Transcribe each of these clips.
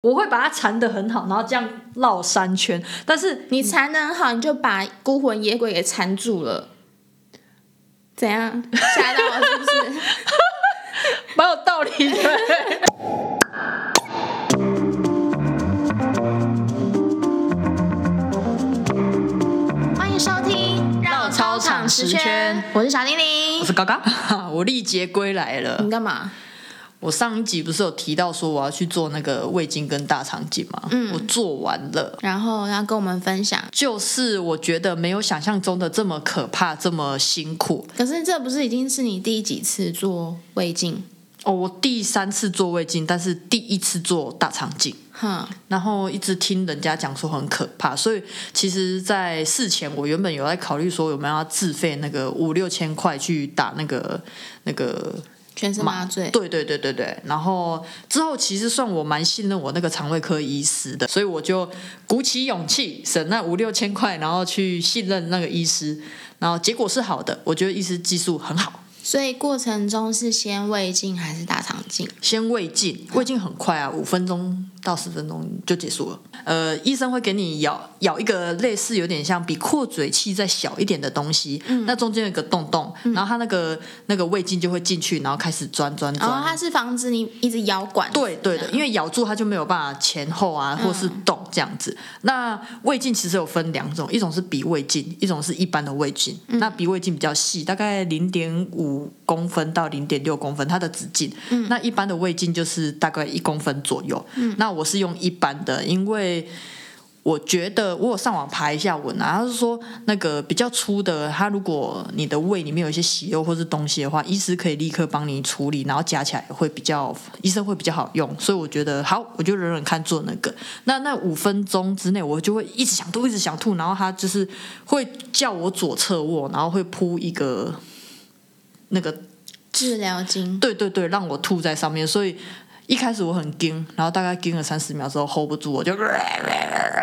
我會把它纏得很好，然後這樣繞三圈。但是你纏得很好，嗯、你就把孤魂野鬼給纏住了。怎樣嚇到我？是不是很 有道理？ 歡迎收聽繞操場十圈，繞操場十圈，我是小林林，我是高高， 我歷劫歸來了。你幹嘛？我上一集不是有提到說我要去做那個胃鏡跟大腸鏡嗎？嗯，我做完了，然後要跟我們分享，就是我覺得沒有想象中的這麼可怕，這麼辛苦。可是這不是已經是你第幾次做胃鏡？哦，我第三次做胃鏡，但是第一次做大腸鏡。哼、嗯，然後一直聽人家講說很可怕，所以其實，在事前我原本有在考慮說，有沒有要自費那個五六千塊去打那個那個。全是麻醉麻，對對對對對。然後之後其實算我蠻信任我那個腸胃科醫師的，所以我就鼓起勇氣，省那五六千塊，然後去信任那個醫師。然後結果是好的，我覺得醫師技術很好。所以過程中是先胃鏡還是大腸鏡？先胃鏡，胃鏡很快啊，五分鐘。到十分鐘就結束了。呃，醫生會給你咬咬一個類似有點像比擴嘴器再小一點的東西，嗯、那中間有個洞洞，嗯、然後它那個那個胃鏡就會進去，然後開始鑽鑽鑽。哦、它是防止你一直咬管。對對的，嗯、因為咬住它就沒有辦法前後啊或是動這樣子。嗯、那胃鏡其實有分兩種，一種是鼻胃鏡，一種是一般的胃鏡。嗯、那鼻胃鏡比較細，大概零點五公分到零點六公分它的直徑。嗯、那一般的胃鏡就是大概一公分左右。嗯。那我我是用一般的，因為我覺得我有上網爬一下文啊，他是說那個比較粗的，他如果你的胃裡面有一些息肉或是東西的話，醫師可以立刻幫你處理，然後夾起來會比較，醫生會比較好用。所以我覺得好，我就忍忍看做那個。那那五分鐘之內，我就會一直想吐，一直想吐，然後他就是會叫我左側臥，然後會鋪一個那個治療巾，對對對，讓我吐在上面，所以。一開始我很驚，然後大概驚了三十秒之後 hold 不住，我就，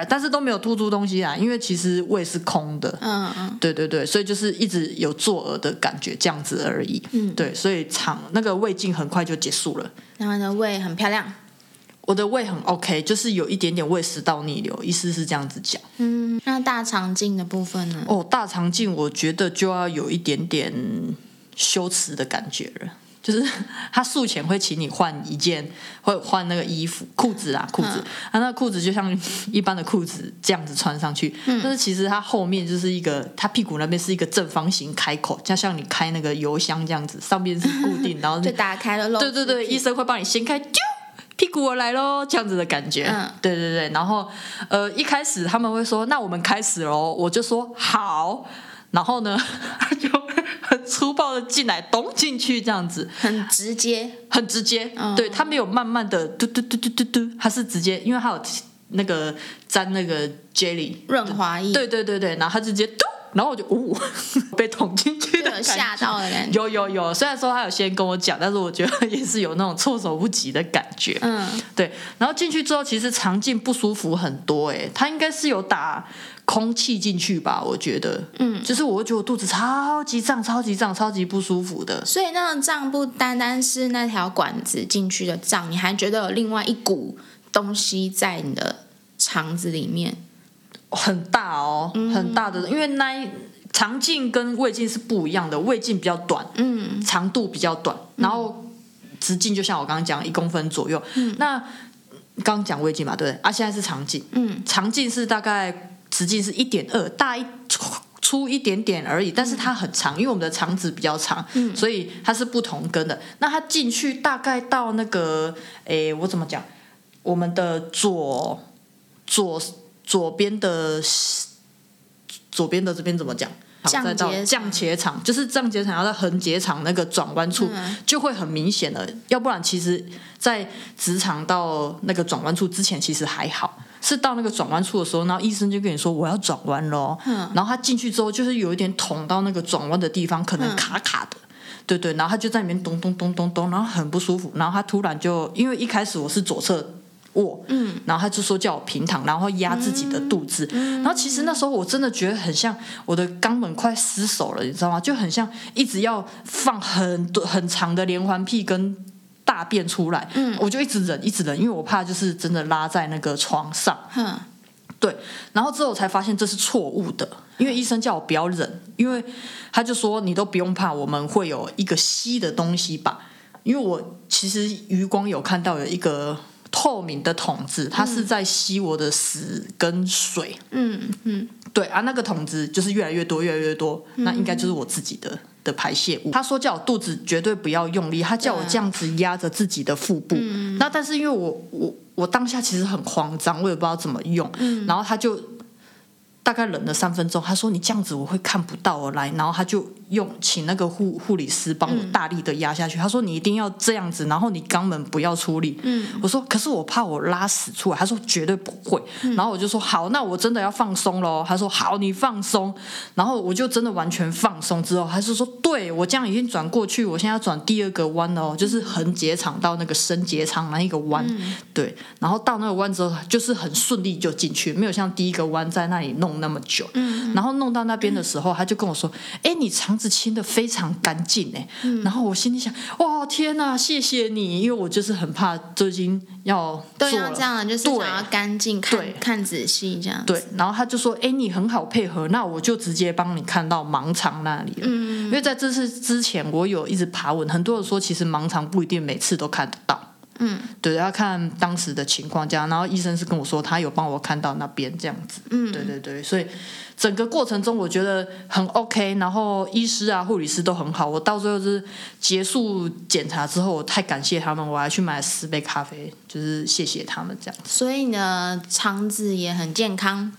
但是都沒有吐出東西啊，因為其實胃是空的，嗯嗯，對對對，所以就是一直有作嘔的感覺，這樣子而已，嗯，對，所以腸那個胃鏡很快就結束了，然後呢，胃很漂亮，我的胃很 OK，就是有一點點胃食道逆流，意思是這樣子講，嗯，那大腸鏡的部分呢？哦，大腸鏡我覺得就要有一點點羞恥的感覺了。就是他術前會請你換一件，會換那個衣服褲子啊褲子，他、嗯啊、那個褲子就像一般的褲子這樣子穿上去，嗯、但是其實他後面就是一個，他屁股那邊是一個正方形開口，就像你開那個油箱這樣子，上面是固定，嗯、然後就打開了。對對對，醫生會幫你掀開，呃、屁股我來嘍，這樣子的感覺。嗯、對對對，然後呃一開始他們會說，那我們開始嘍，我就說好。然後呢，他就很粗暴的進來，咚進去這樣子，很直接，很直接。嗯、對他沒有慢慢的嘟嘟嘟嘟嘟嘟，他是直接，因為他有那個粘那個 jelly 潤滑液。對對對對，然後他就直接嘟，然後我就嗚、呃，被捅進去的，嚇到了感覺。有，感覺有有有，雖然說他有先跟我講，但是我覺得也是有那種措手不及的感覺。嗯，對。然後進去之後，其實腸鏡不舒服很多、欸，哎，他應該是有打。空氣進去吧，我覺得，嗯，就是我會覺得我肚子超級脹、超級脹、超級不舒服的。所以那種脹不單單是那條管子進去的脹，你還覺得有另外一股東西在你的腸子裡面很大哦，嗯、很大的。因為那腸鏡跟胃鏡是不一樣的，胃鏡比較短，嗯，長度比較短，然後直徑就像我剛剛講一公分左右。嗯，那剛講胃鏡嘛，對吧，啊，現在是腸鏡，嗯，腸鏡是大概，實際是一點二，大一粗一點點而已，但是它很長，因為我們的腸子比較長，所以它是不同根的。那它進去大概到那個，哎，我怎麼講？我們的左左左邊的左邊的這邊怎麼講？好，降結腸，再到降結腸，就是降結腸要在橫結腸那個轉彎處，嗯、就會很明顯了，要不然其實，在直腸到那個轉彎處之前其實還好。是到那個轉彎處的時候，然後醫生就跟你說，我要轉彎嘍，嗯、然後他進去之後就是有一點捅到那個轉彎的地方，可能卡卡的，嗯、對對，然後他就在裡面咚咚咚咚咚咚，然後很不舒服，然後他突然就因為一開始我是左側臥，嗯、然後他就說叫我平躺，然後壓自己的肚子，嗯、然後其實那時候我真的覺得很像我的肛門快失守了，你知道嗎？就很像一直要放很多很長的連環屁跟。大便出來，我就一直忍，一直忍，因為我怕就是真的拉在那個床上，嗯、對。然後之後我才發現這是錯誤的，因為醫生叫我不要忍，因為他就說你都不用怕，我們會有一個吸的東西吧。因為我其實餘光有看到有一個透明的桶子，它是在吸我的屎跟水，嗯嗯，對啊，那個桶子就是越來越多，越來越多，那應該就是我自己的。的排泄物，他說叫我肚子絕對不要用力，他叫我這樣子壓着自己的腹部。Yeah. 那但是因為我我我當下其實很慌張，我也不知道怎麼用，嗯、然後他就。大概忍了三分鐘，他說：“你這樣子我會看不到我來。”然後他就用請那個護護理師幫我大力的壓下去。嗯、他說：“你一定要這樣子，然後你肛門不要出力。”嗯，我說：“可是我怕我拉屎出來。”他說：“絕對不會。嗯”然後我就說：“好，那我真的要放鬆嘍。”他說：“好，你放鬆。”然後我就真的完全放鬆之後，他就說對：“對我這樣已經轉過去，我現在要轉第二個彎了，就是橫結腸到那個升結腸那一個彎。嗯”對，然後到那個彎之後，就是很順利就進去，沒有像第一個彎在那裡弄。那麼久，然後弄到那邊的時候，嗯、他就跟我說：“哎、欸，你腸子清的非常乾淨哎。嗯”然後我心裡想：“哇，天哪、啊，謝謝你，因為我就是很怕最近要對這樣，就是想要乾淨，看對看仔細這樣。”對，然後他就說：“哎、欸，你很好配合，那我就直接幫你看到盲腸那裡了。”嗯，因為在這次之前，我有一直爬文，很多人說，其實盲腸不一定每次都看得到。嗯，對，要看當時的情況這樣，然後醫生是跟我說他有幫我看到那邊這樣子，嗯，對對對，所以整個過程中我覺得很 OK，然後醫師啊、護理師都很好，我到最後是結束檢查之後，我太感謝他們，我還去買四杯咖啡，就是謝謝他們這樣子。所以呢，腸子也很健康。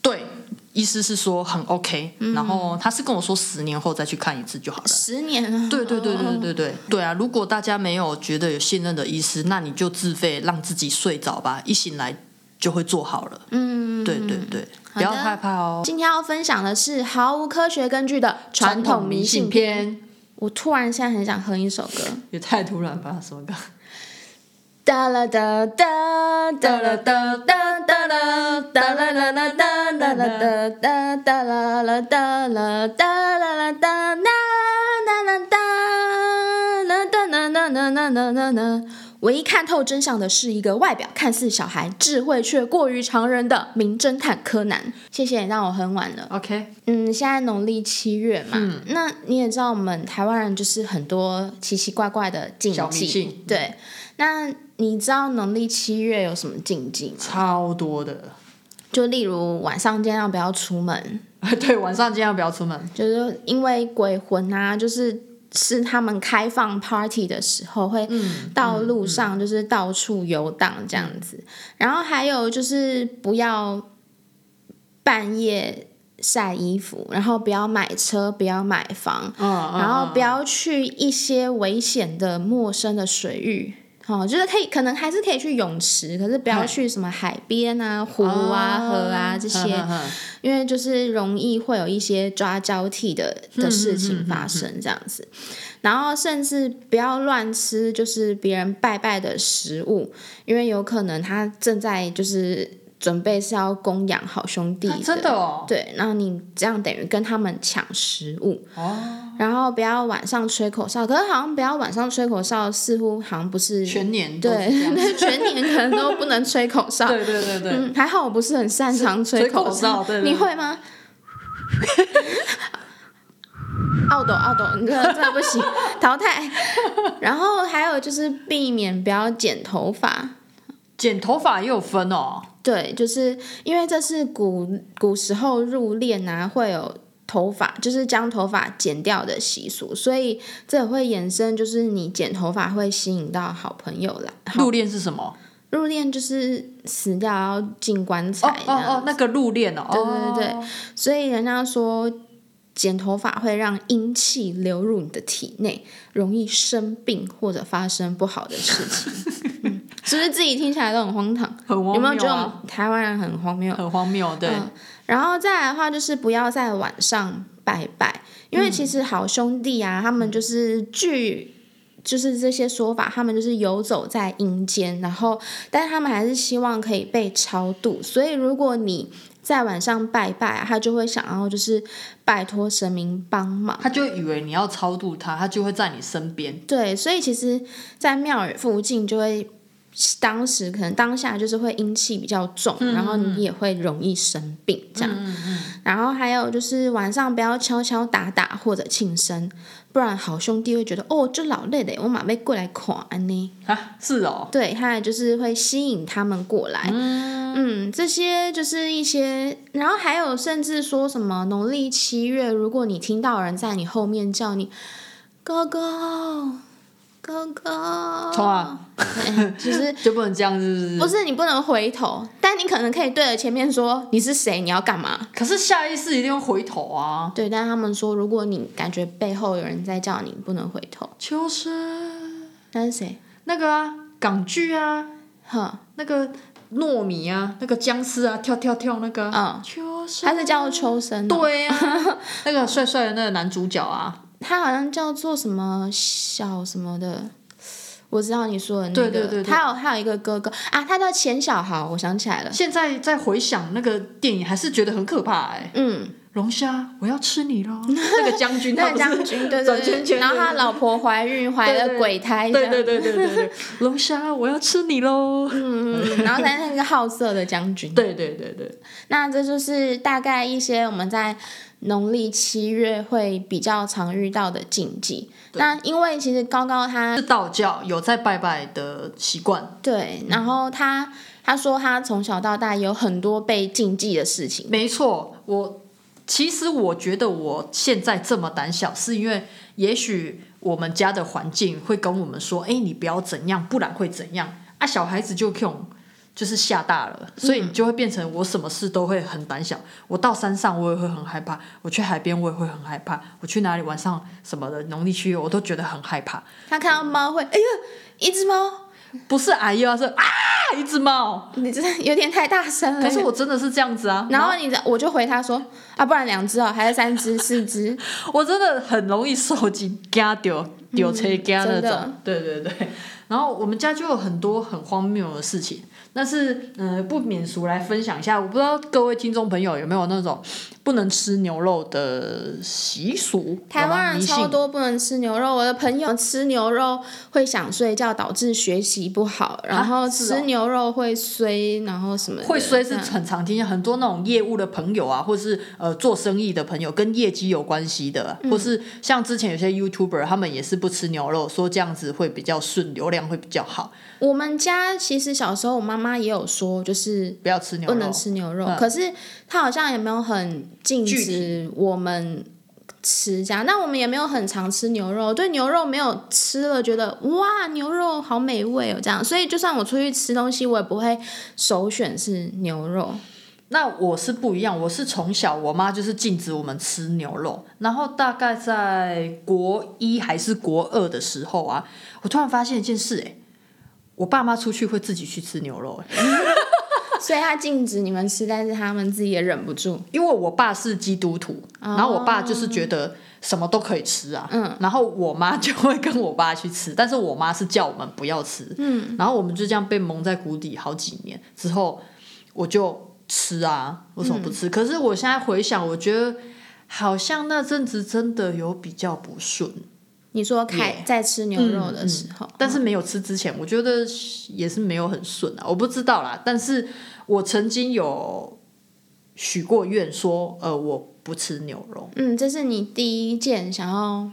對。意思是說很 OK，嗯，然後他是跟我說十年後再去看一次就好了。十年？對對對對對對對，嗯嗯，對啊！如果大家沒有覺得有信任的醫師，那你就自費讓自己睡着吧，一醒來就會做好了。嗯，對對對，好的不要害怕哦。今天要分享的是毫無科學根據的傳統迷信篇。信篇，我突然現在很想哼一首歌，也太突然吧？什麼歌？噠啦噠噠噠啦噠噠噠啦噠啦噠噠噠噠噠啦噠啦噠啦噠那噠啦噠啦噠啦啦啦啦啦啦！唯一看透真相的是一個外表看似小孩、智慧卻過於常人的名偵探柯南。謝謝你讓我很晚了。OK，嗯，現在農曆七月嘛，嗯、那你也知道，我們台灣人就是很多奇奇怪怪的禁忌，對。那你知道農曆七月有什麼禁忌嗎？超多的，就例如晚上千萬不要出門， 對，晚上千萬不要出門，就是因為鬼魂啊，就是是他們開放 party 的時候會到路上就是到處遊蕩這樣子，嗯嗯嗯、然後還有就是不要半夜曬衣服，然後不要買車，不要買房，嗯嗯嗯、然後不要去一些危險的陌生的水域。哦，覺得可以，可能還是可以去泳池，可是不要去什麼海邊啊、哦、湖啊、河啊這些，呵呵呵因為就是容易會有一些抓交替的的事情發生這樣子。嗯嗯嗯嗯、然後甚至不要亂吃，就是別人拜拜的食物，因為有可能他正在就是。準備是要供養好兄弟。啊、真的哦。對，那你這樣等於跟他們搶食物。哦、然後不要晚上吹口哨，可是好像不要晚上吹口哨，似乎好像不是全年是對，全年可能都不能吹口哨。 對對對，對嗯，還好我不是很擅長吹口哨，口哨你會嗎？奧斗奧斗，奧你這真的不行， 淘汰。然後還有就是避免不要剪頭髮，剪頭髮也有分哦。對，就是因為這是古古時候入殮啊，會有頭髮，就是將頭髮剪掉的習俗，所以這也會衍生就是你剪頭髮會吸引到好朋友啦。入殮是什麼？入殮就是死掉要進棺材。哦，然後哦，哦，那個入殮哦。對對對，哦，所以人家說剪頭髮會讓陰氣流入你的體內，容易生病或者發生不好的事情。 嗯其實是自己聽起來都很荒唐？很荒謬、啊、有沒有覺得台灣人很荒謬？很荒謬，對、嗯。然後再來的話，就是不要在晚上拜拜，因為其實好兄弟啊，嗯、他們就是據就是這些說法，他們就是遊走在陰間，然後但是他們還是希望可以被超度，所以如果你在晚上拜拜，他就會想要就是拜託神明幫忙，他就以為你要超度他，他就會在你身邊。對，所以其實，在廟宇附近就會。當時可能當下就是會陰氣比較重，嗯嗯，然後你也會容易生病這樣。嗯嗯嗯，然後還有就是晚上不要敲敲打打或者慶生，不然好兄弟會覺得哦，這老累的，我馬妹過來垮你啊！是哦？對，他就是會吸引他們過來。嗯，嗯，這些就是一些，然後還有甚至說什麼農曆七月，如果你聽到有人在你後面叫你哥哥。哥哥，衝啊！其實就不能這樣子，不是，不是你不能回頭，但你可能可以對着前面說，你是誰？你要幹嘛？可是下意識一定要回頭啊！對，但他們說，如果你感覺背後有人在叫你，不能回頭。秋生、就是，那是誰？那個港劇啊，哈、啊，呵那個糯米啊，那個殭屍啊，跳跳跳那個，啊、嗯，秋生，他是叫做秋生，對啊，那個帥帥的那個男主角啊。 他好像叫做什麼小什麼的，我知道你說的那個，他有他有一個哥哥啊，他叫錢小豪，我想起來了。現在在回想那個電影，還是覺得很可怕哎。嗯，龍蝦我要吃你嘍！那個將軍，那個將軍，對對對。然後他老婆懷孕，懷了鬼胎。對對對對，龍蝦我要吃你嘍！嗯，然後他那個好色的將軍，對對對對。那這就是大概一些我們在。農曆七月會比較常遇到的禁忌。對那因為其實高高他是道教有在拜拜的習慣。對，然後他、嗯、他說他從小到大有很多被禁忌的事情。沒錯，我其實我覺得我現在這麼膽小，是因為也許我們家的環境會跟我們說：“哎，你不要怎樣，不然會怎樣啊！”小孩子就這就是嚇大了，所以你就會變成我什麼事都會很膽小。嗯、我到山上我也會很害怕，我去海邊我也會很害怕，我去哪裡晚上什麼的農曆七月我都覺得很害怕。他看到貓會、嗯、哎呦，一隻貓不是哎呦、啊，是啊，一隻貓，你真的有點太大聲了。可是我真的是這樣子啊。然後，然後你我就回他說啊，不然兩隻哦，還是三隻、四隻？ 我真的很容易受驚，驚丟丟車驚那種。對對對。然後我們家就有很多很荒謬的事情。但是呃、嗯、不免俗來分享一下，我不知道各位聽眾朋友有沒有那種。不能吃牛肉的習俗，台灣灣人有有超多不能吃牛肉。我的朋友吃牛肉會想睡覺，導致學習不好。蛤然後吃牛肉會衰，哦、然後什麼會衰是很常聽見。很多那種業務的朋友啊，或是呃做生意的朋友，跟業績有關係的，嗯、或是像之前有些 YouTuber 他們也是不吃牛肉，說這樣子會比較順，流量會比較好。我們家其實小時候，我媽媽也有說，就是不要吃牛肉，不能吃牛肉。嗯、可是。他好像也沒有很禁止我們吃這樣，禮那我們也沒有很常吃牛肉，對牛肉沒有吃了覺得哇牛肉好美味哦、喔、這樣，所以就算我出去吃東西，我也不會首選是牛肉。那我是不一樣，我是從小我媽就是禁止我們吃牛肉，然後大概在國一還是國二的時候啊，我突然發現一件事、欸，哎，我爸媽出去會自己去吃牛肉、欸。 所以他禁止你們吃，但是他們自己也忍不住。因為我爸是基督徒，Oh. 然後我爸就是覺得什麼都可以吃啊。嗯，然後我媽就會跟我爸去吃，但是我媽是叫我們不要吃。嗯，然後我們就這樣被蒙在鼓底好幾年。之後我就吃啊，為什麼不吃？嗯、可是我現在回想，我覺得好像那陣子真的有比較不順。你說凱 Yeah, 在吃牛肉的時候，嗯嗯，但是沒有吃之前，嗯、我覺得也是沒有很順啊，我不知道啦。但是我曾經有許過願說，呃，我不吃牛肉。嗯，這是你第一件想要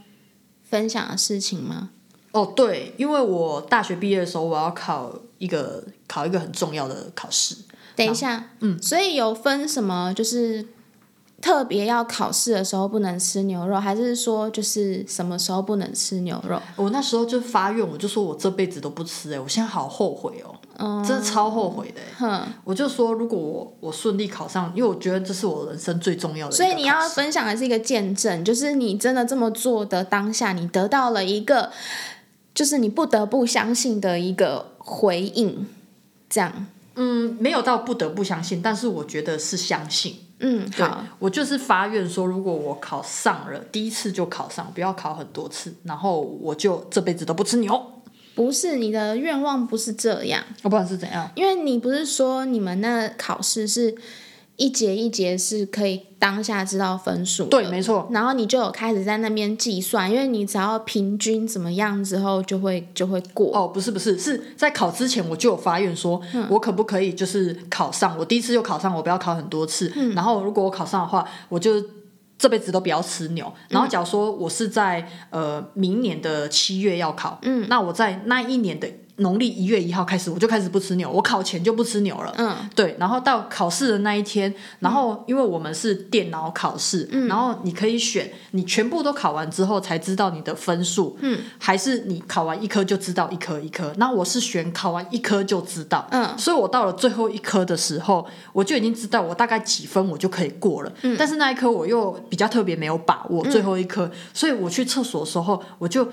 分享的事情嗎？哦，對，因為我大學畢業的時候，我要考一個考一個很重要的考試。等一下，嗯，所以有分什麼？就是。特別要考試的時候不能吃牛肉，還是說就是什麼時候不能吃牛肉？我那時候就發願，我就說我這輩子都不吃，欸，哎，我現在好後悔哦，喔，嗯、真的超後悔的，欸，哼呵，我就說如果我我順利考上，因為我覺得這是我人生最重要的。所以你要分享的是一個見證，就是你真的這麼做的當下，你得到了一個就是你不得不相信的一個回應，這樣。嗯，沒有到不得不相信，但是我覺得是相信。嗯，對好，我就是發願說，如果我考上了，第一次就考上，不要考很多次，然後我就這輩子都不吃牛。不是你的願望，不是這樣。我不管是怎樣，因為你不是說你們那考試是。一節一節是可以當下知道分數，對，沒錯。然後你就有開始在那邊計算，因為你只要平均怎麼樣之後，就會就會過。哦，不是不是，是在考之前我就有發願說，嗯、我可不可以就是考上？我第一次就考上，我不要考很多次。嗯、然後如果我考上的話，我就這輩子都不要吃牛。然後假如說我是在、嗯、呃明年的七月要考，嗯，那我在那一年的。農曆一月一號開始，我就開始不吃牛。我考前就不吃牛了。嗯，對。然後到考試的那一天，嗯、然後因為我們是電腦考試，嗯、然後你可以選，你全部都考完之後才知道你的分數。嗯，還是你考完一科就知道一科一科。那我是選考完一科就知道。嗯，所以我到了最後一科的時候，我就已經知道我大概幾分我就可以過了。嗯，但是那一科我又比較特別沒有把握最後一科，嗯、所以我去廁所的時候我就。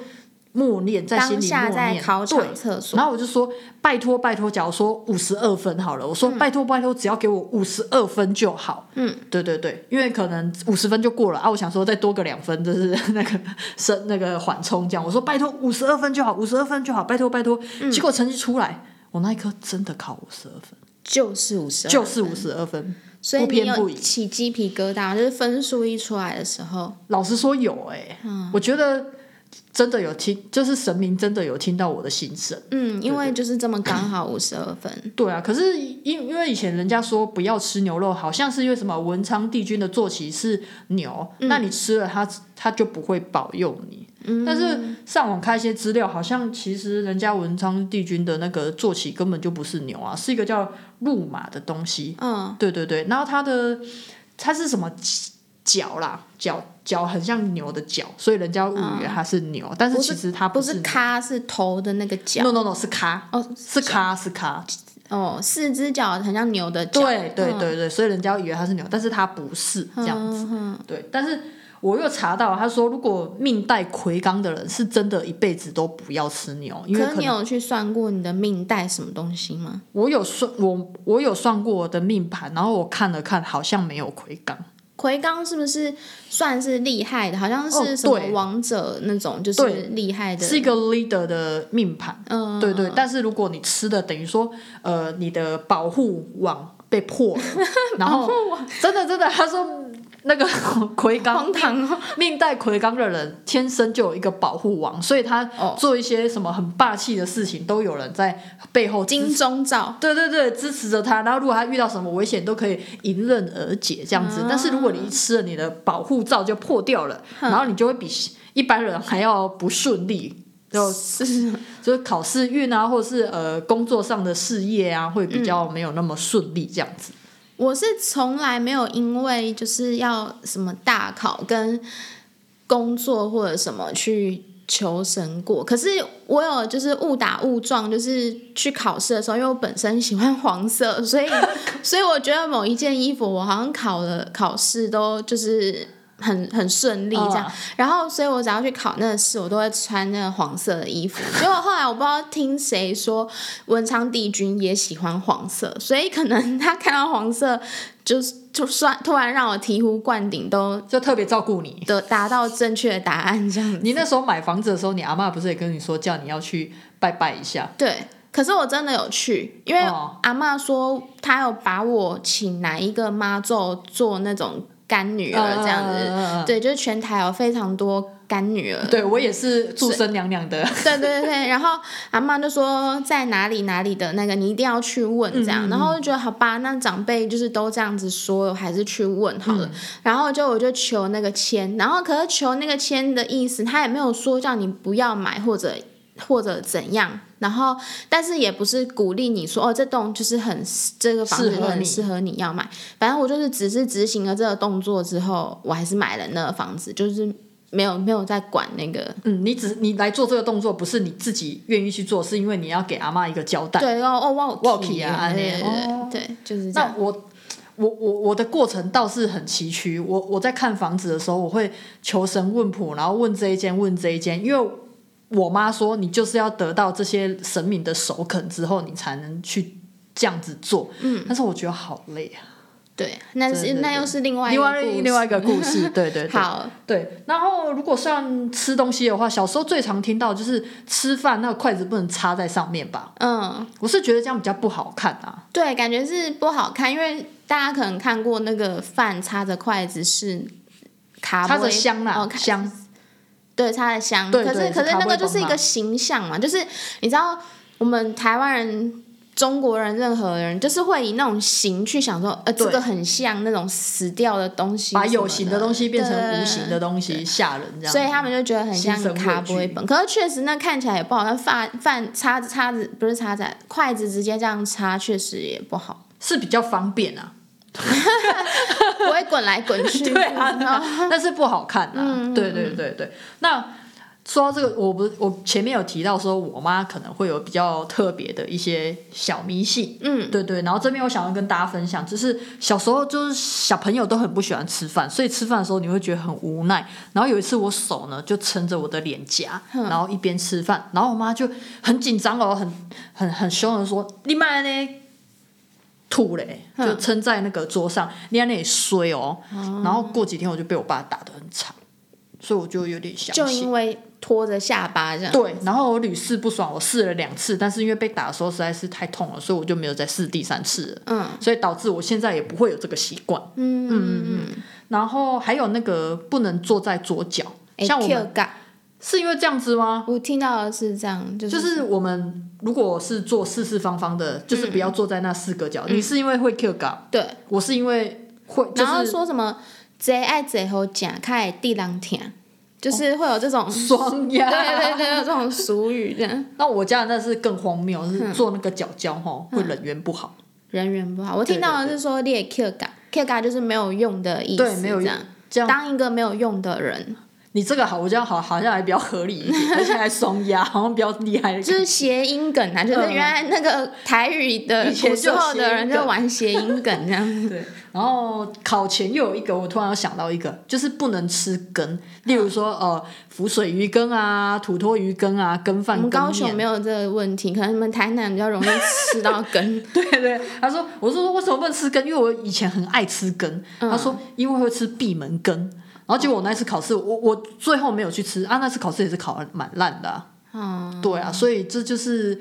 默念在心裡默念，對，然後我就說拜託拜託，假如說五十二分好了，我說、嗯、拜託拜託，只要給我五十二分就好。嗯，對對對，因為可能五十分就過了啊，我想說再多個兩分，就是那個升那個緩衝這樣。嗯、我說拜託五十二分就好，五十二分就好，拜託拜託。嗯、結果成績出來，我那一科真的考五十二分，就是五十二，就是五十二分，所以不偏不倚，起雞皮疙瘩，就是分數一出來的時候，老實說有哎、欸，嗯、我覺得。真的有聽，就是神明真的有聽到我的心聲。嗯，因為就是這麼剛好五十二分。對啊，可是因因為以前人家說不要吃牛肉，好像是因為什麼文昌帝君的坐騎是牛，嗯、那你吃了他他就不會保佑你。嗯、但是上網看一些資料，好像其實人家文昌帝君的那個坐騎根本就不是牛啊，是一個叫鹿馬的東西。嗯，對對對，然後他的他是什麼？腳啦，腳腳很像牛的腳，所以人家誤以為它是牛，但是其實它不是。咖是，它是頭的那個腳。No No No，是咖哦，是咖是咖。哦，四只腳很像牛的腳。對對對，所以人家以為它是牛，但是它不是這樣子。嗯嗯、對，但是我又查到，他說如果命帶魁罡的人是真的一輩子都不要吃牛，因為可可是你有去算過你的命帶什麼東西嗎？我有算，我我有算過我的命盤，然後我看了看，好像沒有魁罡。魁罡是不是算是厲害的？好像是什麼王者那種，就是厲害的、哦，是一個 leader 的命盤。嗯，對對。但是如果你吃的，等於說，呃，你的保護網被破了， 然後真的真的，他說。 那個魁罡，命帶魁罡的人天生就有一個保護網，所以他做一些什麼很霸氣的事情，都有人在背後金鐘罩。對對對，支持着他。然後如果他遇到什麼危險，都可以迎刃而解這樣子。但是如果你吃了，你的保護罩就破掉了，然後你就會比一般人還要不順利，就就是考試運啊，或者是呃工作上的事業啊，會比較沒有那麼順利這樣子。我是從來沒有因為就是要什麼大考跟工作或者什麼去求神過，可是我有就是誤打誤撞，就是去考試的時候，因為我本身喜歡黃色，所以所以我覺得某一件衣服，我好像考了考試都就是。很很順利這樣，oh. 然後所以我只要去考那個試，我都會穿那個黃色的衣服。 結果後來我不知道聽誰說文昌帝君也喜歡黃色，所以可能他看到黃色，就是就算突然讓我醍醐灌頂，都就特別照顧你，的達到正確的答案這樣子。 你那時候買房子的時候，你阿媽不是也跟你說叫你要去拜拜一下？對，可是我真的有去，因為阿媽說她有把我請來一個媽祖做那種。乾女兒這樣子，呃、對，就是全台有非常多乾女兒。對、嗯、我也是註生娘娘的。對，對對對，然後阿媽就說在哪裡哪裡的那個，你一定要去問這樣。嗯嗯然後我就覺得好吧，那長輩就是都這樣子說，還是去問好了。嗯、然後就我就求那個籤，然後可是求那個籤的意思，他也沒有說叫你不要買或者。或者怎樣，然後，但是也不是鼓勵你說哦，這棟就是很這個房子很適合你要買。反正我就是只是執行了這個動作之後，我還是買了那個房子，就是沒有沒有在管那個。嗯，你只你來做這個動作，不是你自己願意去做，是因為你要給阿媽一個交代。對哦哦，walky 啊，對對對，就是這樣。那我我我我的過程倒是很崎嶇。我我在看房子的時候，我會求神問卜，然後問這一間，問這一間，因為。我媽說：“你就是要得到這些神明的首肯之後，你才能去這樣子做。”嗯，但是我覺得好累啊。對，那是，對對對，那又是另外另外另外一個故事。對對對， 好對。然後如果算吃東西的話，小時候最常聽到就是吃飯那個筷子不能插在上面吧？嗯，我是覺得這樣比較不好看啊。對，感覺是不好看，因為大家可能看過那個飯插着筷子是卡插著香呢 Okay. 香。對，插的香，對對可是，是、啊、可是那個就是一個形象嘛，就是你知道，我們台灣人、中國人、任何人，就是會以那種形去想說，對呃，這個很像那種死掉的東西的，把有形的東西變成無形的東西，對嚇人這樣。所以他們就覺得很像腳尾飯，可是確實那看起來也不好看，但飯飯叉子，叉子不是叉子，筷子直接這樣插確實也不好，是比較方便啊。我滾 來滾去， 對啊，但是不好看吶、啊。嗯嗯對對對對，那說到這個，我不，我前面有提到說，我媽可能會有比較特別的一些小迷信。嗯，對，對對。然後這邊我想要跟大家分享，就是小時候就是小朋友都很不喜歡吃飯，所以吃飯的時候你會覺得很無奈。然後有一次我手呢就撐着我的臉頰，然後一邊吃飯，然後我媽就很緊張哦，很很很凶的說：“你媽呢？”吐嘞、欸，就撐在那個桌上，你在那裡摔哦，然後過幾天我就被我爸打得很慘，所以我就有點想，就因為拖着下巴這樣，對，然後我屢試不爽，我試了兩次，但是因為被打的時候實在是太痛了，所以我就沒有再試第三次了。嗯，所以導致我現在也不會有這個習慣。嗯嗯嗯，嗯，嗯，嗯然後還有那個不能坐在桌角，像我們是因為這樣子嗎？我聽到的是這樣，就是我們如果是坐四四方方的，就是不要坐在那四個角。你是因為會 Q 崗？對，我是因為會。然後說什麼賊愛賊後甲開地當天，就是會有這種雙押，對對對，這種俗語的。那我家那是更荒謬，是坐那個角角齁會人緣不好，人緣不好。我聽到的是說你劣 Q 崗，Q 崗就是沒有用的意思，對，沒有用，這樣當一個沒有用的人。你這個好，我覺得好好像還比較合理一點。而且還雙押好像比較厲害， 就是諧音梗啊，就是原來那個台語的，以前舊的人就玩諧音梗這樣子。 然後考前又有一個，我突然想到一個，就是不能吃羹，例如說呃，浮水魚羹啊，土托魚羹啊，羹飯。我們高雄沒有這個問題，可能你們台南比較容易吃到羹。 對，對對，他說，我說我為什麼不能吃羹？因為我以前很愛吃羹。嗯、他說因為會吃閉門羹。然後結果我那次考試，哦、我我最後沒有去吃啊，那次考試也是考的蠻爛的，啊。嗯、對啊，所以這就是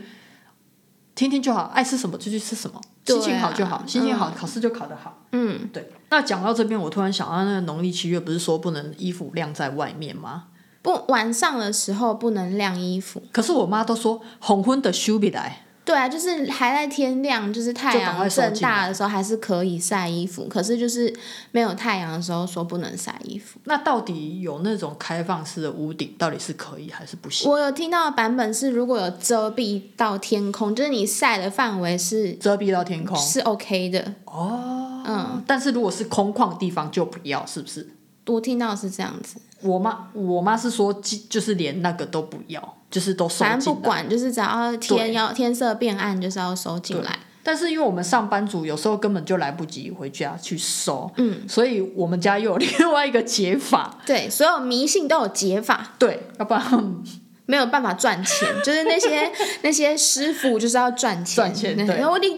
聽聽就好，愛吃什麼就去吃什麼，啊、心情好就好，心情好，嗯、考試就考得好。嗯，對。那講到這邊，我突然想到，啊，那農曆七月不是說不能衣服晾在外面嗎？不，晚上的時候不能晾衣服。可是我媽都說，紅昏的羞比來。對啊，就是還在天亮，就是太陽正大的時候，還是可以曬衣服。可是就是沒有太陽的時候，說不能曬衣服。那到底有那種開放式的屋頂，到底是可以還是不行？我有聽到的版本是，如果有遮蔽到天空，就是你曬的範圍是遮蔽到天空是 OK 的哦。嗯，但是如果是空曠地方就不要，是不是？我聽到是這樣子，我媽我媽是說，就是連那個都不要，就是都收。反正不管，就是只要天對要天色變暗，就是要收進來。但是因為我們上班族有時候根本就來不及回家去收，嗯，所以我們家又有另外一個解法。對，所有迷信都有解法，對，要不然。嗯沒有辦法賺錢，就是那些那些師傅就是要賺錢。賺錢對。然後好夠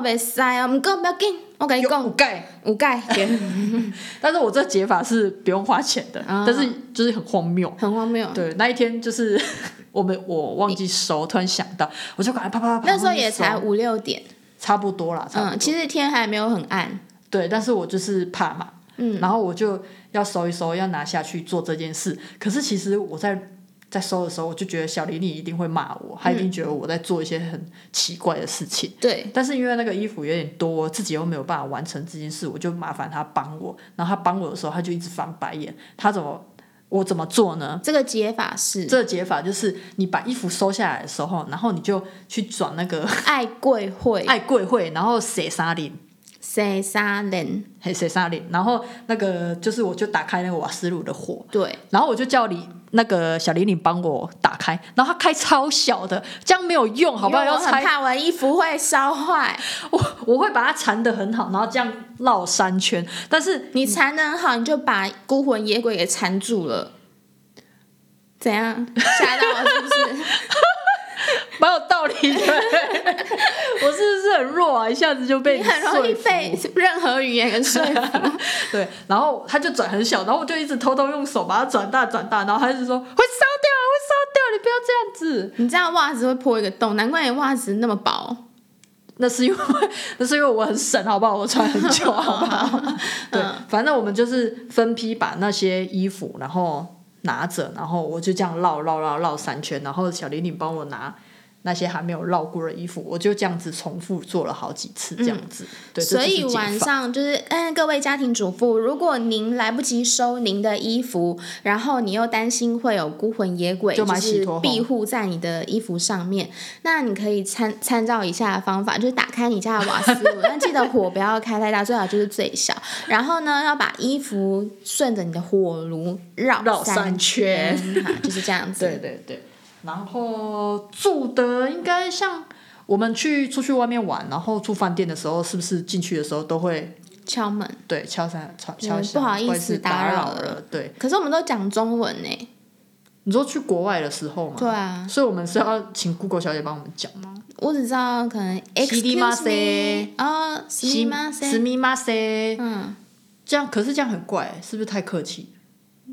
不要緊，我跟你講。但是，我這解法是不用花錢的，但是就是很荒謬，很荒謬。對，那一天就是我們我忘記收，突然想到，我就趕快啪啪啪。那時候也才五六點，差不多了，嗯，其實天還沒有很暗。對，但是我就是怕嘛，然後我就要收一收，要拿下去做這件事。可是其實我在。在收的時候，我就覺得小林，你一定會罵我，嗯、他一定覺得我在做一些很奇怪的事情。對，但是因為那個衣服有點多，自己又沒有辦法完成這件事，我就麻煩他幫我。然後他幫我的時候，他就一直翻白眼。他怎麼，我怎麼做呢？這個解法是，這個解法就是你把衣服收下來的時候，然後你就去轉那個愛貴會，愛貴會，然後寫沙林。誰殺人？然後那個就是，我就打開那個瓦斯爐的火。對，然後我就叫李那個小玲玲幫我打開，然後它開超小的，這樣沒有用，好不好？要拆。看完衣服會燒壞，我我會把它纏得很好，然後這樣繞三圈。但是你纏得很好，你就把孤魂野鬼給纏住了。怎樣嚇到我？是不是？ 很有道理，對， 我是不是很弱啊？一下子就被你，你很容易被任何語言給說服。 對，然後他就轉很小，然後我就一直偷偷用手把它轉大、轉大，然後他就說會燒掉，會燒掉，會燒掉，你不要這樣子，你這樣襪子會破一個洞。難怪你襪子那麼薄， 那是因為那是因為我很省，好不好？我穿很久，好不好？ 哦、對，嗯、反正我們就是分批把那些衣服，然後。拿着，然後我就這樣繞繞繞繞，繞三圈，然後小林林你幫我拿。那些還沒有繞過的衣服，我就這樣子重複做了好幾次，這樣子。嗯、對所以晚上就是，嗯，各位家庭主婦，如果您來不及收您的衣服，然後你又擔心會有孤魂野鬼就是庇護在你的衣服上面，那你可以參參照以下的方法，就是打開你家的瓦斯 但記得火不要開太大，最好就是最小。然後呢，要把衣服順着你的火爐繞三圈，哈， 就是這樣子。對對對。然後住的應該像我們去出去外面玩，然後住飯店的時候，是不是進去的時候都會敲門？對，敲三敲，敲，敲嗯、不好意思打擾了，擾了了對。可是我們都講中文呢。你說去國外的時候嘛，對啊，所以我們是要請 Google 小姐幫我們講嗎？我只知道可能 Excuse me，然後 Excuse me 嗯，這樣，可是這樣很怪，是不是太客氣？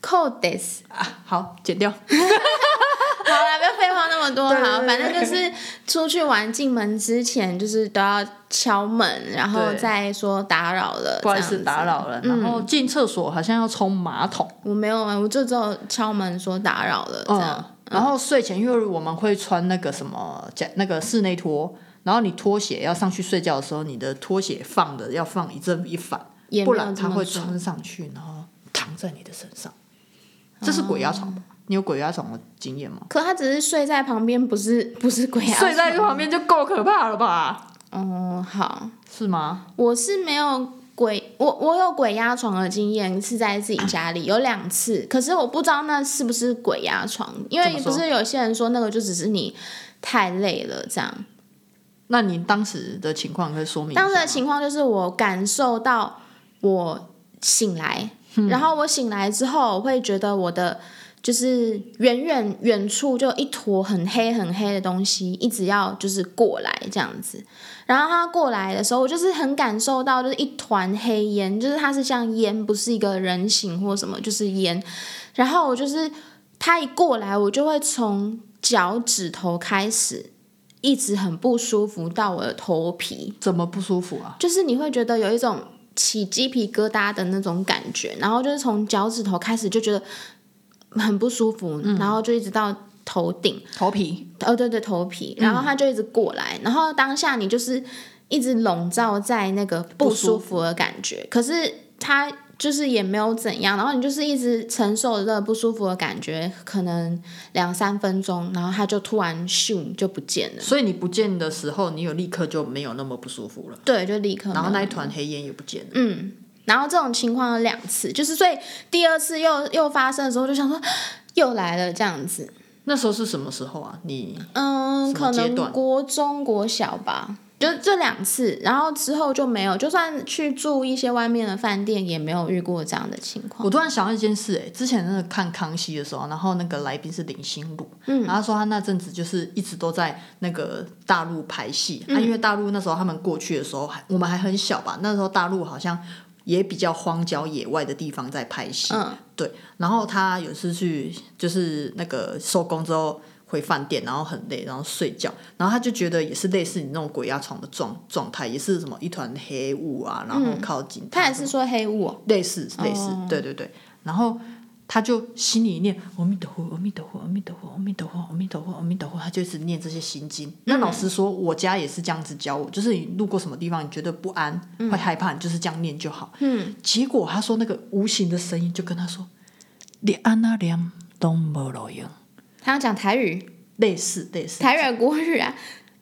扣得啊，好，剪掉。 好啦，不要廢話那麼多。好，反正就是出去玩，進門之前就是都要敲門，然後再說打擾了，對不好意思打擾了。然後進廁所、嗯、好像要沖馬桶，我沒有啊，我就只有敲門說打擾了這樣、嗯。然後睡前，因為我們會穿那個什麼，那個室內拖，然後你拖鞋要上去睡覺的時候，你的拖鞋放的要放一正一反，不然它會穿上去，然後躺在你的身上。這是鬼壓床嗎？嗯、你有鬼壓床的經驗嗎？可他只是睡在旁邊不，不是不是鬼壓床。睡在旁邊就夠可怕了吧？哦、嗯，好，是嗎？我是沒有鬼，我我有鬼壓床的經驗，是在自己家裡有兩次，啊、可是我不知道那是不是鬼壓床，因為不是有些人說那個就只是你太累了這樣。那您當時的情況可以說明一下嗎？當時的情況就是我感受到我醒來。然後我醒來之後，我會覺得我的就是遠遠遠處就一坨很黑很黑的東西一直要就是過來這樣子。然後他過來的時候，我就是很感受到就是一團黑煙，就是它是像煙，不是一個人形或什麼，就是煙。然後我就是他一過來，我就會從腳趾頭開始一直很不舒服到我的頭皮。怎麼不舒服啊？就是你會覺得有一種。起雞皮疙瘩的那種感覺，然後就是從腳趾頭開始就覺得很不舒服，嗯、然後就一直到頭頂頭皮，哦對對頭皮，嗯、然後它就一直過來，然後當下你就是一直籠罩在那個不舒服的感覺，可是它。就是也沒有怎樣，然後你就是一直承受著這個不舒服的感覺，可能兩三分鐘，然後它就突然咻就不見了。所以你不見的時候，你有立刻就沒有那麼不舒服了。對，就立刻。然後那一團黑煙也不見了。嗯，然後這種情況有兩次，就是所以第二次又又發生的時候，就想說又來了這樣子。那時候是什麼時候啊？你嗯，可能國中、國小吧。就這兩次，然後之後就沒有。就算去住一些外面的飯店，也沒有遇過這樣的情況。我突然想到一件事，欸，哎，之前在看《康熙》的時候，然後那個來賓是林心如，嗯，然後他說他那陣子就是一直都在那個大陸拍戲。嗯啊，因為大陸那時候他們過去的時候還，還我們還很小吧，那時候大陸好像也比較荒郊野外的地方在拍戲，嗯、對。然後他有次去，就是那個收工之後。回飯店，然後很累，然後睡覺，然後他就覺得也是類似你那種鬼壓床的狀狀態，也是什麼一團黑霧啊，然後靠近他，嗯、他也是說黑霧、啊，類似類似，哦、對對對，然後他就心裡念阿彌陀佛，阿彌陀佛，阿彌陀佛，阿彌陀佛，阿彌陀佛，阿彌陀佛，他就是念這些心經。那、哦、老師說，我家也是這樣子教我，就是你路過什麼地方，你覺得不安、嗯、會害怕，你就是這樣念就好。嗯。結果他說那個無形的聲音就跟他說，你安那念都無路用。他要講台語，類似類似台語國語啊，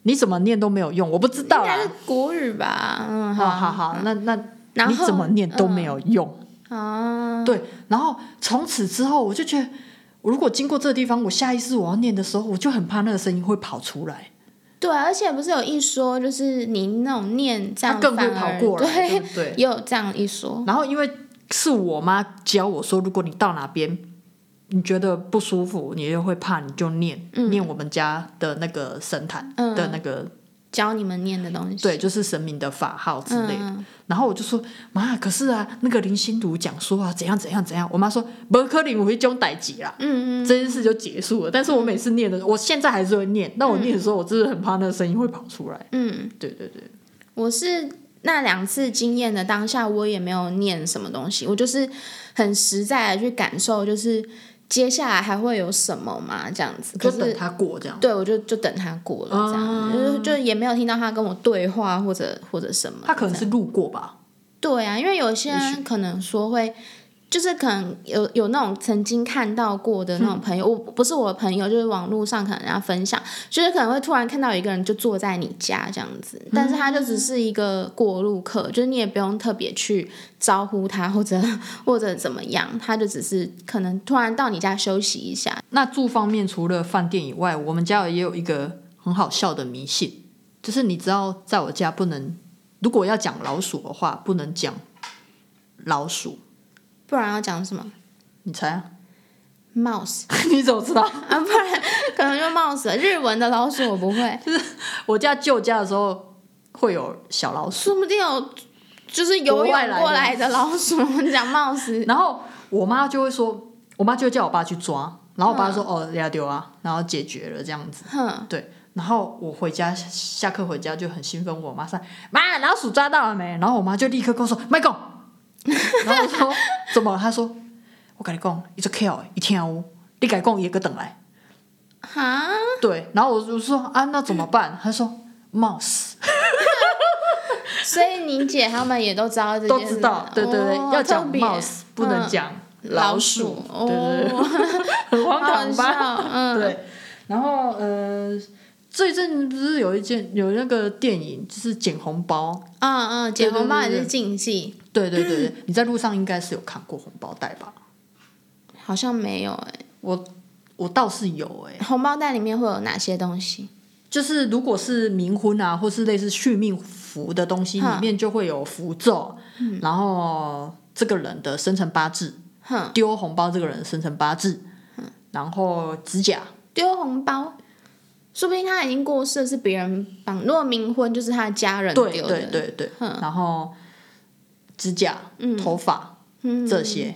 你怎麼念都沒有用，我不知道啦，應該是國語吧，uh huh. 嗯，好好好，那那然後你怎麼念都沒有用啊，uh huh. 對，然後從此之後，我就覺得，我如果經過這個地方，我下意識我要念的時候，我就很怕那個聲音會跑出來，對，而且不是有一說，就是你那種念這樣他更會跑過來，對，也有這樣一說，然後因為是我媽教我說，如果你到哪邊。你覺得不舒服，你又會怕，你就念、嗯、念我們家的那個神壇、嗯、的那個教你們念的東西，對，就是神明的法號之類的。嗯、然後我就說媽，可是啊，那個林心如講說啊，怎樣怎樣怎樣。我媽說不可能我會交代幾了。嗯嗯，這件事就結束了。但是我每次念的時候，嗯、我現在還是會念，但我念的時候，嗯、我真的很怕那個聲音會跑出來。嗯，對對對，我是那兩次經驗的當下，我也沒有念什麼東西，我就是很實在的去感受，就是。接下來還會有什麼嗎？這樣子，可是等他過這樣。對，我就就等他過了這樣子、嗯，就是，就是就是也沒有聽到他跟我對話或者或者什麼。他可能是路過吧。對啊，因為有些人可能說會。就是可能有有那種曾經看到過的那種朋友，嗯、我不是我的朋友，就是網絡上可能人家分享，就是可能會突然看到一個人就坐在你家這樣子，嗯、但是他就只是一個過路客，就是你也不用特別去招呼他或者或者怎麼樣，他就只是可能突然到你家休息一下。那住方面除了飯店以外，我們家也有一個很好笑的迷信，就是你知道在我家不能，如果要講老鼠的話，不能講老鼠。不然要講什麼？你猜啊，mouse。 你怎麼知道 啊？不然可能就 mouse。日文的老鼠我不會。 就是我家舅家的時候會有小老鼠，說不定有就是游泳過來的老鼠，講 mouse。 然後我媽就會說，我媽就叫我爸去抓，然後我爸就說、嗯、哦丟啊，然後解決了這樣子。嗯、對。然後我回家下課回家就很興奮，我媽說媽老鼠抓到了沒？然後我媽就立刻跟我說 my 然後我說：“怎麼？”他說：“我跟你講，一隻狗，一條，你跟你講一個等來。”哈，對，然後我就說：“啊，那怎麼辦？”對他說：“mouse。 ” 所以你姐他們也都知道這件事，都知道。對對對，oh, 要講 mouse，別不能講老鼠。嗯、對對搞笑，oh, 笑。嗯，對，然後嗯。呃最近不是有一件有那個電影，就是撿紅包啊嗯，撿、哦哦、紅包還是禁忌？對對對、對、對、嗯、你在路上應該是有看過紅包袋吧？好像沒有哎、欸，我我倒是有哎、欸。紅包袋裡面會有哪些東西？就是如果是冥婚啊，或是類似續命符的東西，嗯、裡面就會有符咒，嗯、然後這個人的生辰八字，丟紅包，這個人的生辰八字，然後指甲丟紅包。說不定他已經過世，是別人綁，如果冥婚，就是他的家人丟的。對對對，對、嗯、然後指甲、頭髮、嗯、這些，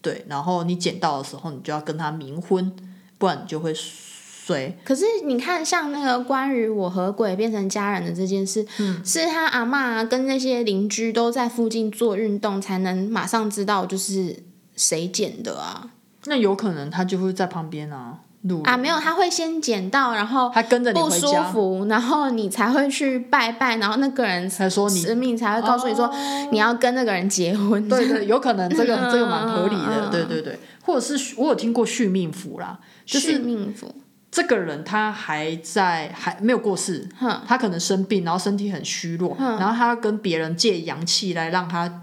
對。然後你撿到的時候，你就要跟他冥婚，不然你就會衰。可是你看，像那個關於我和鬼變成家人的這件事，嗯、是他阿嬤跟那些鄰居都在附近做運動，才能馬上知道就是誰撿的啊。那有可能他就會在旁邊啊。啊，沒有，他會先撿到，然後他跟着你回家，不舒服，然後你才會去拜拜，然後那個人才說你生命，才會告訴你說、哦、你要跟那個人結婚。對，對對，有可能這個這個蠻合理的，嗯、對對對，或者是我有聽過續命符啦，續命符，這個人他還在還沒有過世，哼他可能生病，然後身體很虛弱，哼然後他跟別人借陽氣來讓他。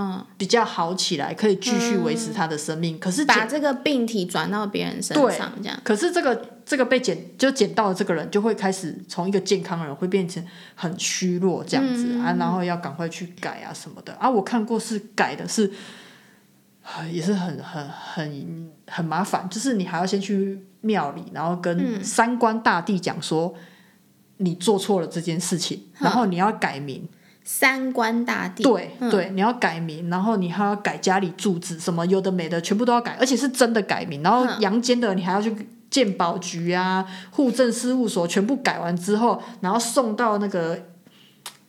嗯，比較好起來，可以繼續維持他的生命。嗯、可是把這個病體轉到別人身上對，這樣。可是這個這個被撿就撿到的這個人，就會開始從一個健康人會變成很虛弱這樣子，嗯、啊，然後要趕快去改啊什麼的啊。我看過是改的是，也是很很很很麻煩，就是你還要先去廟裡，然後跟三官大帝講說你做錯了這件事情，嗯、然後你要改名。嗯三官大帝對、嗯、對，你要改名，然後你還要改家裡住址，什麼有的沒的，全部都要改，而且是真的改名。然後陽間的你還要去健保局啊、戶政事務所，全部改完之後，然後送到那個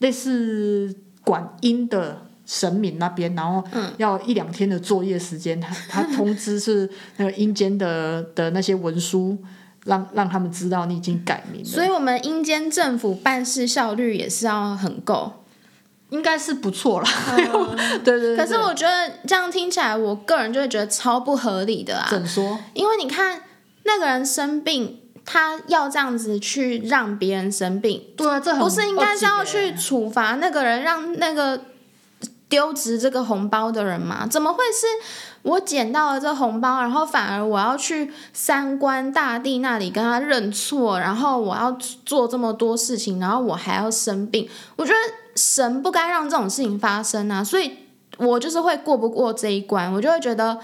類似管陰的神明那邊，然後要一兩天的作業時間，他他通知是那個陰間的的那些文書，讓讓他們知道你已經改名了。所以，我們陰間政府辦事效率也是要很夠。應該是不錯了，對對，可是我覺得這樣聽起來，我個人就會覺得超不合理的啊！怎麼說？因為你看那個人生病，他要這樣子去讓別人生病，對啊，這很不是應該是要去處罰那個人，讓那個丟擲這個紅包的人嗎？怎麼會是？我撿到了這紅包，然後反而我要去三官大帝那裡跟他認錯，然後我要做這麼多事情，然後我還要生病。我覺得神不該讓這種事情發生啊！所以，我就是會過不過這一關，我就會覺得，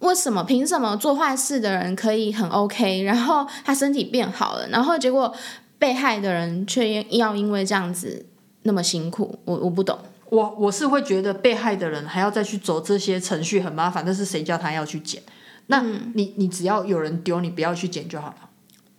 為什麼憑什麼做壞事的人可以很 OK，然後他身體變好了，然後結果被害的人卻要因為這樣子那麼辛苦，我我不懂。我我是會覺得被害的人還要再去走這些程序，很麻煩，但是誰叫他要去撿？嗯、那你你只要有人丟，你不要去撿就好了。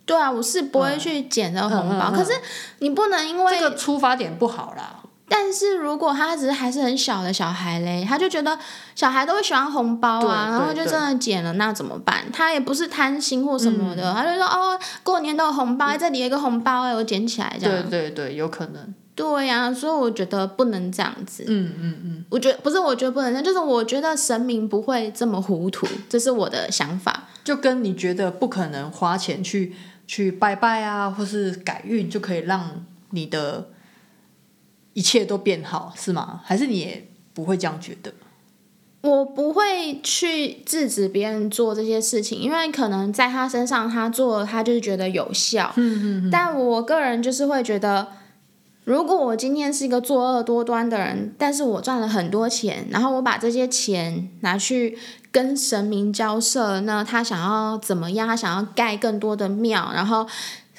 對啊，我是不會去撿的紅包，嗯、可是你不能因為這個出發點不好啦。但是如果他只是還是很小的小孩嘞，他就覺得小孩都會喜歡紅包啊，對對對，然後就真的撿了，那怎麼辦？他也不是貪心或什麼的，嗯、他就說哦，過年都有紅包，這裡有一個紅包哎、欸，我撿起來這樣。對對對，有可能。對呀、啊，所以我覺得不能這樣子。嗯嗯嗯，嗯嗯我覺得不是，我覺得不能這樣，就是我覺得神明不會這麼糊塗，這是我的想法。就跟你覺得不可能花錢去去拜拜啊，或是改運，就可以讓你的一切都變好，是嗎？還是你也不會這樣覺得？我不會去制止別人做這些事情，因為可能在他身上，他做他就是覺得有效。嗯嗯，嗯嗯但我個人就是會覺得。如果我今天是一個作惡多端的人，但是我賺了很多錢，然後我把這些錢拿去跟神明交涉，那他想要怎麼樣？他想要蓋更多的廟，然後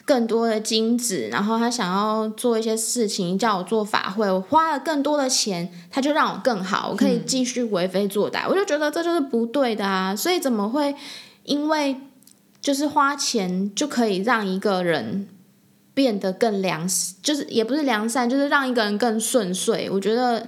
更多的金子，然後他想要做一些事情，叫我做法會，我花了更多的錢，他就讓我更好，我可以繼續為非作歹，嗯、我就覺得這就是不對的啊！所以怎麼會因為就是花錢就可以讓一個人？變得更良，就是也不是良善，就是讓一個人更順遂。我覺得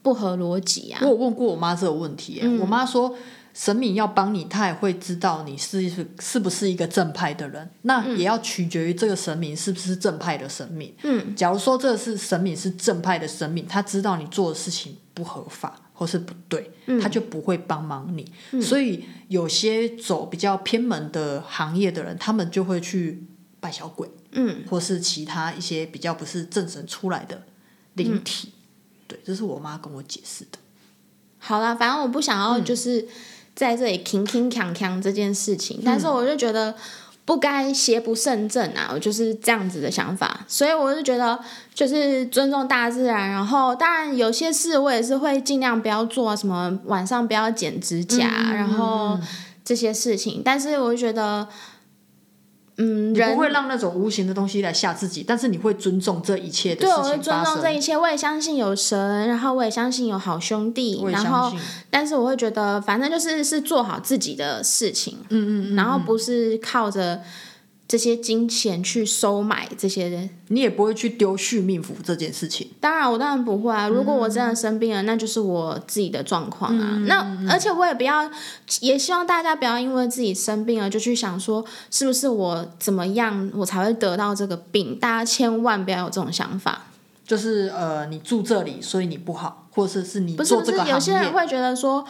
不合邏輯啊！我問過我媽這個問題、啊，嗯、我媽說神明要幫你，他也會知道你是是不是一個正派的人。那也要取決於這個神明是不是正派的神明。嗯、假如說這是神明是正派的神明，他知道你做的事情不合法或是不對，他就不會幫忙你。嗯、所以有些走比較偏門的行業的人，他們就會去拜小鬼。嗯，或是其他一些比較不是正神出來的靈體，嗯、對，這是我媽跟我解釋的。好啦，反正我不想要就是在這裡拼拼搶搶這件事情，嗯、但是我就覺得不該邪不勝正啊，我就是這樣子的想法，所以我就覺得就是尊重大自然，然後當然有些事我也是會盡量不要做什麼，晚上不要剪指甲，嗯、然後這些事情，嗯、但是我就覺得。嗯，人不會讓那種無形的東西來嚇自己，但是你會尊重這一切的事情發生。對，我會尊重這一切，我也相信有神，然後我也相信有好兄弟，然後，但是我會覺得，反正就是是做好自己的事情，嗯嗯，嗯嗯，然後不是靠着。這些金錢去收買這些人，你也不會去丟續命符這件事情。當然，我當然不會啊！嗯、如果我真的生病了，那就是我自己的狀況啊。嗯、那而且我也不要，嗯、也希望大家不要因為自己生病了就去想說，是不是我怎麼樣我才會得到這個病？大家千萬不要有這種想法。就是呃，你住這裡，所以你不好，或者是，是你不是，不是，是有些人會覺得說。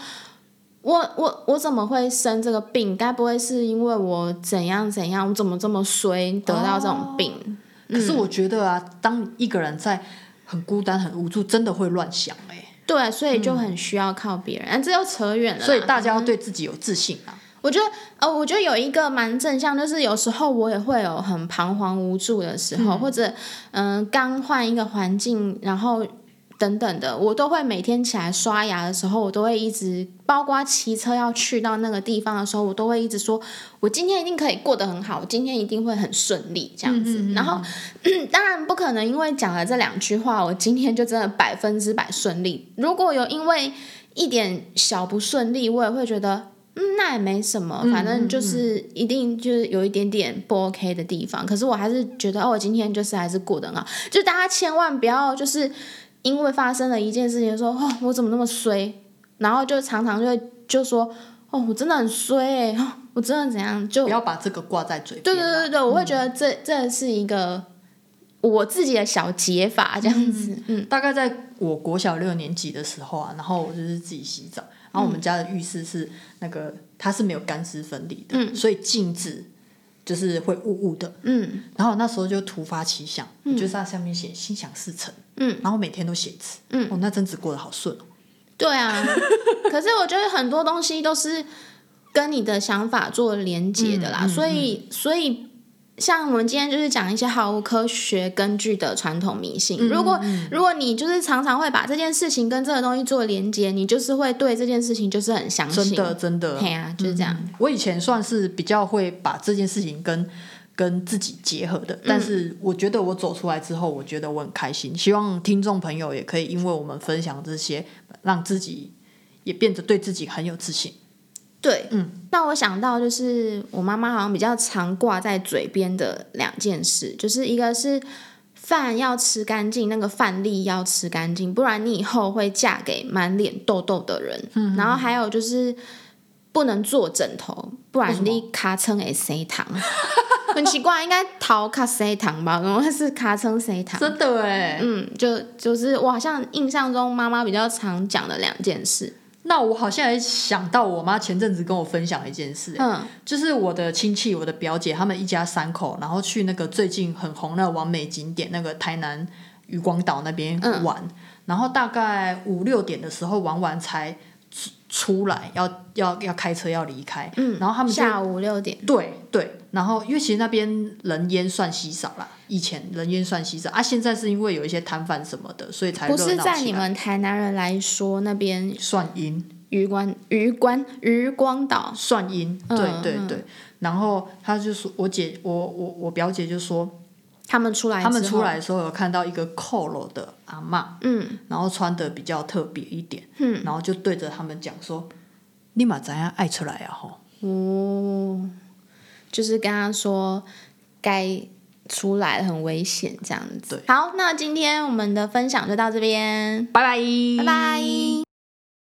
我我我怎麼會生這個病？該不會是因為我怎樣怎樣？我怎麼這麼衰得到這種病？哦、可是我覺得啊，嗯、當一個人在很孤單、很無助，真的會亂想哎、欸。對，所以就很需要靠別人、嗯啊。這又扯遠了。所以大家要對自己有自信啊、嗯！我覺得，呃，我覺得有一個蠻正向，就是有時候我也會有很彷徨無助的時候，嗯、或者嗯、呃，剛換一個環境，然後。等等的，我都會每天起來刷牙的時候，我都會一直，包括騎車要去到那個地方的時候，我都會一直說，我今天一定可以過得很好，我今天一定會很順利這樣子。嗯嗯嗯嗯。然後，當然不可能，因為講了這兩句話，我今天就真的百分之百順利。如果有因為一點小不順利，我也會覺得，嗯，那也沒什麼，反正就是一定就是有一點點不 OK 的地方。可是我還是覺得，哦，我今天就是還是過得很好。就大家千萬不要就是。因為發生了一件事情說，說哦，我怎麼那麼衰？然後就常常就會就說哦，我真的很衰、欸，哎，我真的怎樣？就不要把這個掛在嘴邊。對對對對，我會覺得這、嗯、這是一個我自己的小解法，這樣子。嗯，嗯大概在我國小六年級的時候啊，然後我就是自己洗澡，然後我們家的浴室是、嗯、那個它是沒有乾濕分離的，嗯、所以禁止。就是會霧霧的，嗯，然後那時候就突發奇想，嗯、就在下面寫心想事成，嗯，然後每天都寫一次，嗯，哦、那陣子過得好順、哦，對啊， 可是我覺得很多東西都是跟你的想法做連接的啦，嗯嗯嗯、所以，所以。像我們今天就是講一些毫無科學根據的傳統迷信。嗯、如果如果你就是常常會把這件事情跟這個東西做連接，你就是會對這件事情就是很相信。真的真的，啊就是這樣、嗯、我以前算是比較會把這件事情跟跟自己結合的，但是我覺得我走出來之後，我覺得我很開心。希望聽眾朋友也可以因為我們分享這些，讓自己也變得對自己很有自信。對，嗯，那我想到就是我媽媽好像比較常掛在嘴邊的兩件事，就是一個是飯要吃乾淨，那個飯粒要吃乾淨，不然你以後會嫁給滿臉痘痘的人。嗯嗯，然後還有就是不能坐枕頭，不然你卡成誒塞糖。很奇怪，應該淘卡塞糖吧？然後它是卡成塞糖。真的哎，嗯，就就是我好像印象中媽媽比較常講的兩件事。那我好像也想到，我媽前陣子跟我分享一件事，嗯，就是我的親戚，我的表姐，他們一家三口，然後去那個最近很紅的網美景點，那個台南漁光島那邊玩，嗯、然後大概五六點的時候玩完才。出來要要要開車要離開，嗯、然後他們下午六點，對對，然後因為其實那邊人煙算稀少了，以前人煙算稀少啊，現在是因為有一些攤販什麼的，所以才不是在你們台南人來說那邊算陰， 漁關漁關漁光島算陰，對、嗯、對對,、嗯、對，然後他就說，我姐我我我表姐就說。他們出來，出來的時候有看到一個扣了的阿嬤，嗯，然後穿的比較特別一點，嗯，然後就對着他們講說：“你嘛怎樣愛出來啊？吼，哦，就是跟他說該出來很危險這樣子。對好，那今天我們的分享就到這邊，拜拜 bye，拜拜。”